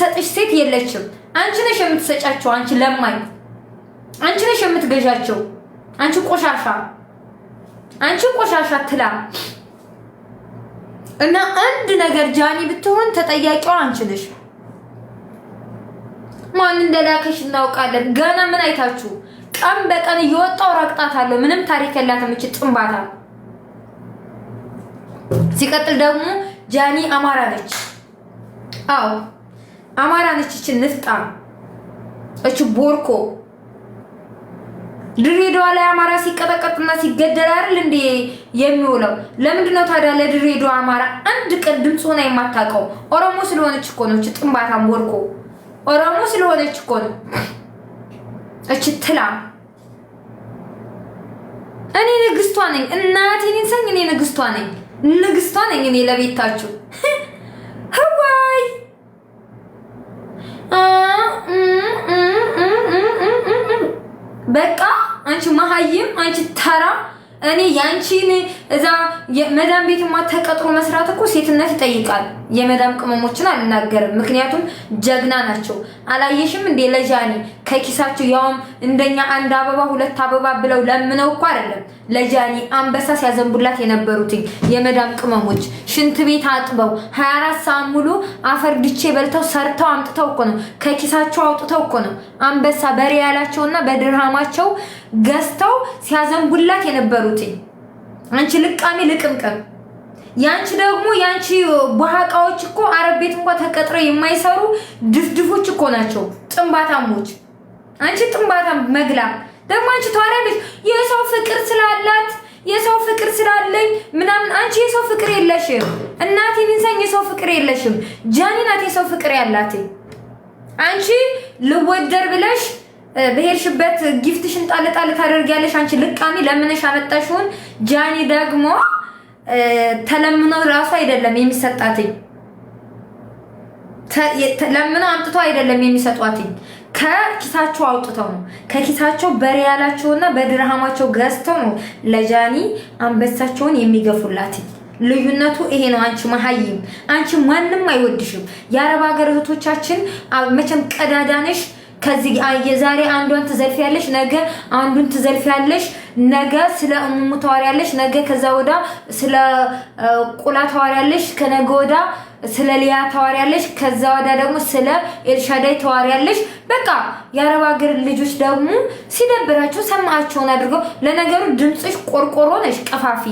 የምትሰጥሽ ሴት የለችም። አንቺ ነሽ የምትሰጫቸው። አንቺ ለማኝ፣ አንቺ ነሽ የምትገዣቸው። አንቺ ቆሻሻ፣ አንቺ ቆሻሻ ትላ እና አንድ ነገር ጃኒ ብትሆን ተጠያቂዋ አንቺ ነሽ። ማን እንደላከሽ እናውቃለን። ገና ምን አይታችሁ ቀን በቀን እየወጣው ረቅጣት አለው። ምንም ታሪክ የላትም እች ጥንባታ። ሲቀጥል ደግሞ ጃኒ አማራ ነች። አዎ አማራ ነች እች ንፍጣ እች ቦርኮ ድሬዳዋ ላይ አማራ ሲቀጠቀጥና ሲገደል አይደል እንዴ የሚውለው? ለምንድን ነው ታዲያ ለድሬዳዋ አማራ አንድ ቀን ድምፅ ሆና የማታውቀው? ኦሮሞ ስለሆነች እኮ ነው። ጥንባታም ቦርኮ ኦሮሞ ስለሆነች እኮ ነው። እች ትላም እኔ ንግስቷ ነኝ። እናቴ ሰኝ እኔ ንግስቷ ነኝ። ንግስቷ ነኝ እኔ ለቤታችሁ በቃ አንቺ መሀይም አንቺ ተራ እኔ ያንቺን እዛ የመዳም ቤት ተቀጥሮ መስራት እኮ ሴትነት ይጠይቃል። የመዳም ቅመሞችን አልናገርም፣ ምክንያቱም ጀግና ናቸው። አላየሽም እንዴ ለጃኒ ከኪሳቸው ያውም እንደኛ አንድ አበባ ሁለት አበባ ብለው ለምነው እኮ አይደለም ለጃኒ አንበሳ ሲያዘንቡላት የነበሩትኝ የመዳም ቅመሞች ሽንት ቤት አጥበው 24 ሰዓት ሙሉ አፈር ድቼ በልተው ሰርተው አምጥተው እኮ ነው ከኪሳቸው አውጥተው እኮ ነው አንበሳ በሪያላቸውና በድርሃማቸው ገዝተው ሲያዘንቡላት የነበሩትኝ አንቺ ልቃሚ ልቅምቅም ያንቺ ደግሞ ያንቺ በሃቃዎች እኮ አረብ ቤት እንኳን ተቀጥረው የማይሰሩ ድፍድፎች እኮ ናቸው፣ ጥንባታሞች። አንቺ ጥንባታም መግላ ደግሞ አንቺ ተዋረደች። የሰው ፍቅር ስላላት የሰው ፍቅር ስላለኝ ምናምን፣ አንቺ የሰው ፍቅር የለሽም። እናቴ ንንሰኝ የሰው ፍቅር የለሽም። ጃኒ ናት የሰው ፍቅር ያላት አንቺ ልወደር ብለሽ በሄድሽበት ጊፍትሽን ጣል ጣል ታደርጊያለሽ። አንቺ ልቃሚ ለምንሽ አመጣሽውን። ጃኒ ደግሞ ተለምኖ ራሱ አይደለም የሚሰጣትኝ፣ ለምኖ አምጥቶ አይደለም የሚሰጧትኝ፣ ከኪሳቸው አውጥተው ነው ከኪሳቸው በሪያላቸውና በድርሃማቸው ገዝተው ነው ለጃኒ አንበሳቸውን የሚገፉላትኝ። ልዩነቱ ይሄ ነው። አንቺ መሀይም፣ አንቺ ማንም አይወድሽም። የአረብ ሀገር እህቶቻችን መቼም ቀዳዳነሽ ከዚህ የዛሬ አንዷን ያለሽ ነገ አንዱን ያለሽ ነገ ስለ እሙሙ ታወሪያለሽ፣ ነገ ከዛ ወዳ ስለ ቁላ ታወሪያለሽ፣ ከነገ ወዳ ስለ ሊያ ታወሪያለሽ፣ ከዛ ወዳ ደግሞ ስለ ኤልሻዳይ ታወሪያለሽ። በቃ የአረብ ሀገር ልጆች ደግሞ ሲደብራቸው ሰማቸውን አድርገው። ለነገሩ ድምፅሽ ቆርቆሮ ነሽ፣ ቀፋፊ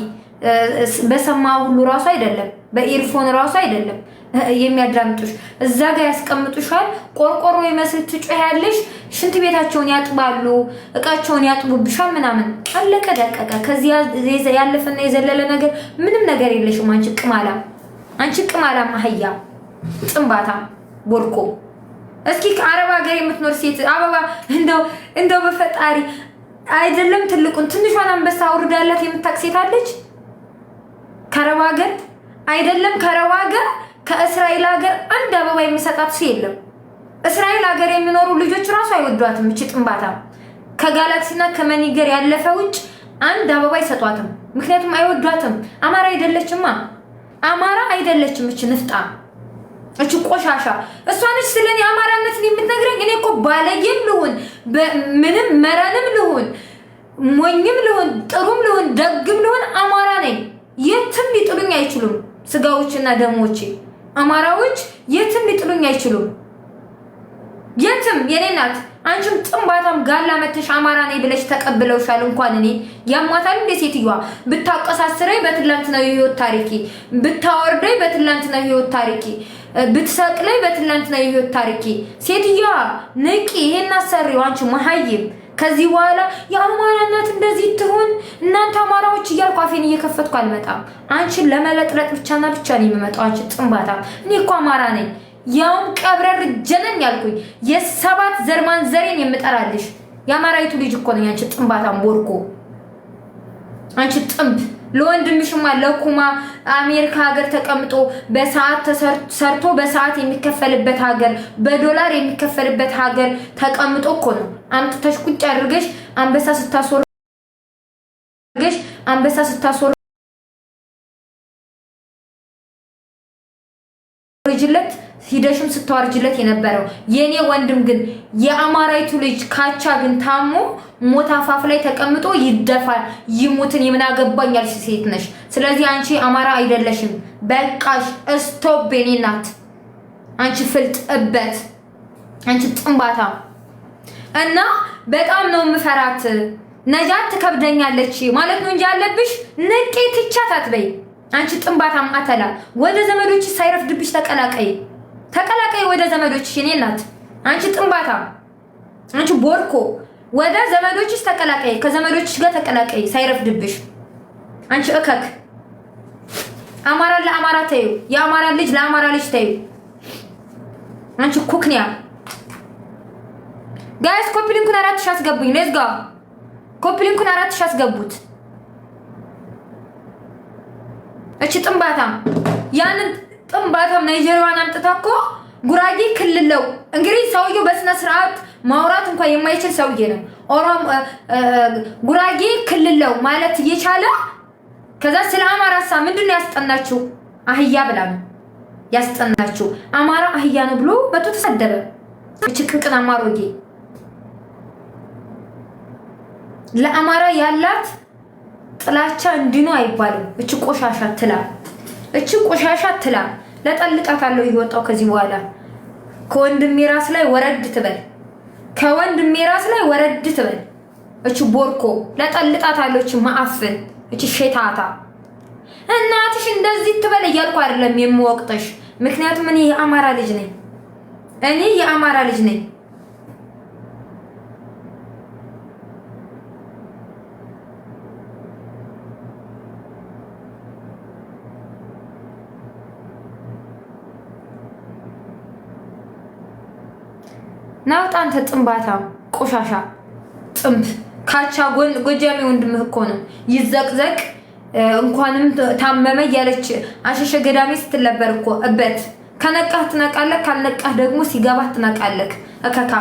በሰማ ሁሉ ራሱ አይደለም፣ በኢርፎን ራሱ አይደለም የሚያዳምጡሽ። እዛ ጋር ያስቀምጡሻል። ቆርቆሮ የመስል ትጮያለሽ። ሽንት ቤታቸውን ያጥባሉ፣ እቃቸውን ያጥቡብሻል ምናምን። አለቀ ደቀቀ። ከዚህ ያለፈና የዘለለ ነገር ምንም ነገር የለሽም። አንቺ ቅማላ፣ አንቺ ቅማላ፣ ማህያ፣ ጥንባታ፣ ቦርቆ እስኪ ከአረብ ሀገር የምትኖር ሴት አበባ እንደው እንደው በፈጣሪ አይደለም ትልቁን ትንሿን አንበሳ አውርዳላት የምታውቅ ሴት አለች። ሀገር አይደለም ከረባ ሀገር ከእስራኤል ሀገር አንድ አበባ የሚሰጣት ሰው የለም። እስራኤል ሀገር የሚኖሩ ልጆች ራሱ አይወዷትም። እች ጥንባታ ከጋላክሲና ከመኒገር ያለፈ ውጭ አንድ አበባ አይሰጧትም። ምክንያቱም አይወዷትም። አማራ አይደለችማ፣ አማራ አይደለችም። እች ንፍጣ፣ እች ቆሻሻ እሷ ነች ስለኔ አማራነት የምትነግረኝ። እኔ እኮ ባለጌም ልሁን ምንም መረንም ልሁን ሞኝም ልሁን ጥሩም ልሁን ደግም ልሁን አማራ ስጋዎችና ደሞቼ አማራዎች የትም ሊጥሉኝ አይችሉም። የትም የኔ ናት። አንቺም ጥንባታም ጋላ መተሽ አማራ ነኝ ብለሽ ተቀብለውሻል። እንኳን እኔ ያሟታል እንደ ሴትዮዋ ብታቀሳስረኝ በትላንትናው የህይወት ታሪኬ፣ ብታወርደኝ በትላንትናው የህይወት ታሪኬ፣ ብትሰቅለኝ በትላንትናው የህይወት ታሪኬ። ሴትዮዋ ንቂ። ይሄን አሰሪው አንቺ መሀይም ከዚህ በኋላ የአማራ እናት እንደዚህ ትሆን እናንተ አማራዎች እያልኩ አፌን እየከፈትኩ አልመጣም። አንቺን ለመለጥለጥ ብቻና ብቻ ነው የምመጣው። አንቺ እኔ እኮ አማራ ነኝ፣ ያውም ቀብረር ጀነን ያልኩኝ የሰባት ዘርማን ዘሬን የምጠራልሽ የአማራዊቱ ልጅ እኮ ነኝ። አንቺ ጥንባታም ወርቆ አንቺ ጥንብ ለወንድምሽማ ለኩማ አሜሪካ ሀገር ተቀምጦ በሰዓት ሰርቶ በሰዓት የሚከፈልበት ሀገር በዶላር የሚከፈልበት ሀገር ተቀምጦ እኮ ነው። አምጥተሽ ቁጭ አድርገሽ አንበሳ ስታስወርገሽ አንበሳ ስታስወር ሂደሽም ስታወርጅለት የነበረው የኔ ወንድም ግን የአማራይቱ ልጅ ካቻ ግን ታሞ ሞት አፋፍ ላይ ተቀምጦ ይደፋል ይሙትን የምን አገባኛል ሴት ነሽ ስለዚህ አንቺ አማራ አይደለሽም በቃሽ እስቶፕ የኔ ናት አንቺ ፍልጥ እበት አንቺ ጥንባታ እና በጣም ነው የምፈራት ነጃት ትከብደኛለች ማለት ነው እንጂ ያለብሽ ንቄ ትቻት አትበይ አንቺ ጥንባታም አተላ ወደ ዘመዶች ሳይረፍድብሽ ተቀላቀይ ተቀላቀይ ወደ ዘመዶች እኔ እናት አንቺ ጥንባታ፣ አንቺ ቦርኮ፣ ወደ ዘመዶችሽ ተቀላቀይ። ከዘመዶችሽ ጋር ተቀላቀይ ሳይረፍድብሽ። አንቺ እከክ አማራ ለአማራ ተዩ፣ የአማራ ልጅ ለአማራ ልጅ ተዩ። አንቺ ኩክኒያ ጋይስ፣ ኮፒሊንኩን አራት ሺህ አስገቡኝ። ሌትስ ጎ ኮፒሊንኩን አራት ሺህ አስገቡት። እቺ ጥንባታ ያንን ጥንባታም ናይጀሪያዋን አምጥታ እኮ ጉራጌ ክልል እንግዲህ ሰውዬው በስነ ስርዓት ማውራት እንኳን የማይችል ሰውዬ ነው። ኦሮም ጉራጌ ክልል ነው ማለት እየቻለ ከዛ ስለ አማራ ሳ ምንድን ነው ያስጠናችሁ? አህያ ብላ ነው ያስጠናችሁ። አማራ አህያ ነው ብሎ መቶ ተሰደበ። ችቅንቅን አማሮጌ ለአማራ ያላት ጥላቻ እንዲኖ አይባልም። እች ቆሻሻ ትላ እች ቆሻሻ ትላ ለጠልጣት አለው እየወጣው ከዚህ በኋላ ከወንድሜ ራስ ላይ ወረድ ትበል፣ ከወንድሜ ራስ ላይ ወረድ ትበል። እች ቦርኮ ለጠልጣት አለው እች ማአፍን እች ሼታታ እናትሽ እንደዚህ ትበል እያልኩ አይደለም የምወቅጥሽ። ምክንያቱም እኔ የአማራ ልጅ ነኝ። እኔ የአማራ ልጅ ነኝ። ናውጣ አንተ ጥንባታ ቆሻሻ ጥንብ ካቻ ጎጃሜ ወንድምህ እኮ ነው። ይዘቅዘቅ እንኳንም ታመመ እያለች አሸሸ ገዳሜ ስትለበር እኮ እበት ከነቃህ ትነቃለህ፣ ካልነቃህ ደግሞ ሲገባህ ትነቃለህ። እከካ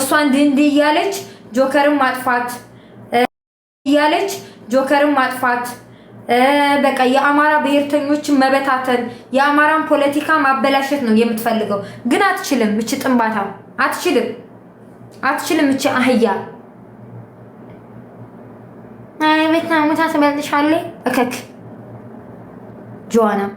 እሷ እንዲህ እንዲህ እያለች ጆከርን ማጥፋት እያለች ጆከርን ማጥፋት በቃ የአማራ ብሔርተኞችን መበታተን፣ የአማራን ፖለቲካ ማበላሸት ነው የምትፈልገው፣ ግን አትችልም። እች ጥንባታ አትችልም አትችልም። እቺ አህያ አይ ቤትና ሙታ ትበልሻለች። እከክ ጆዋና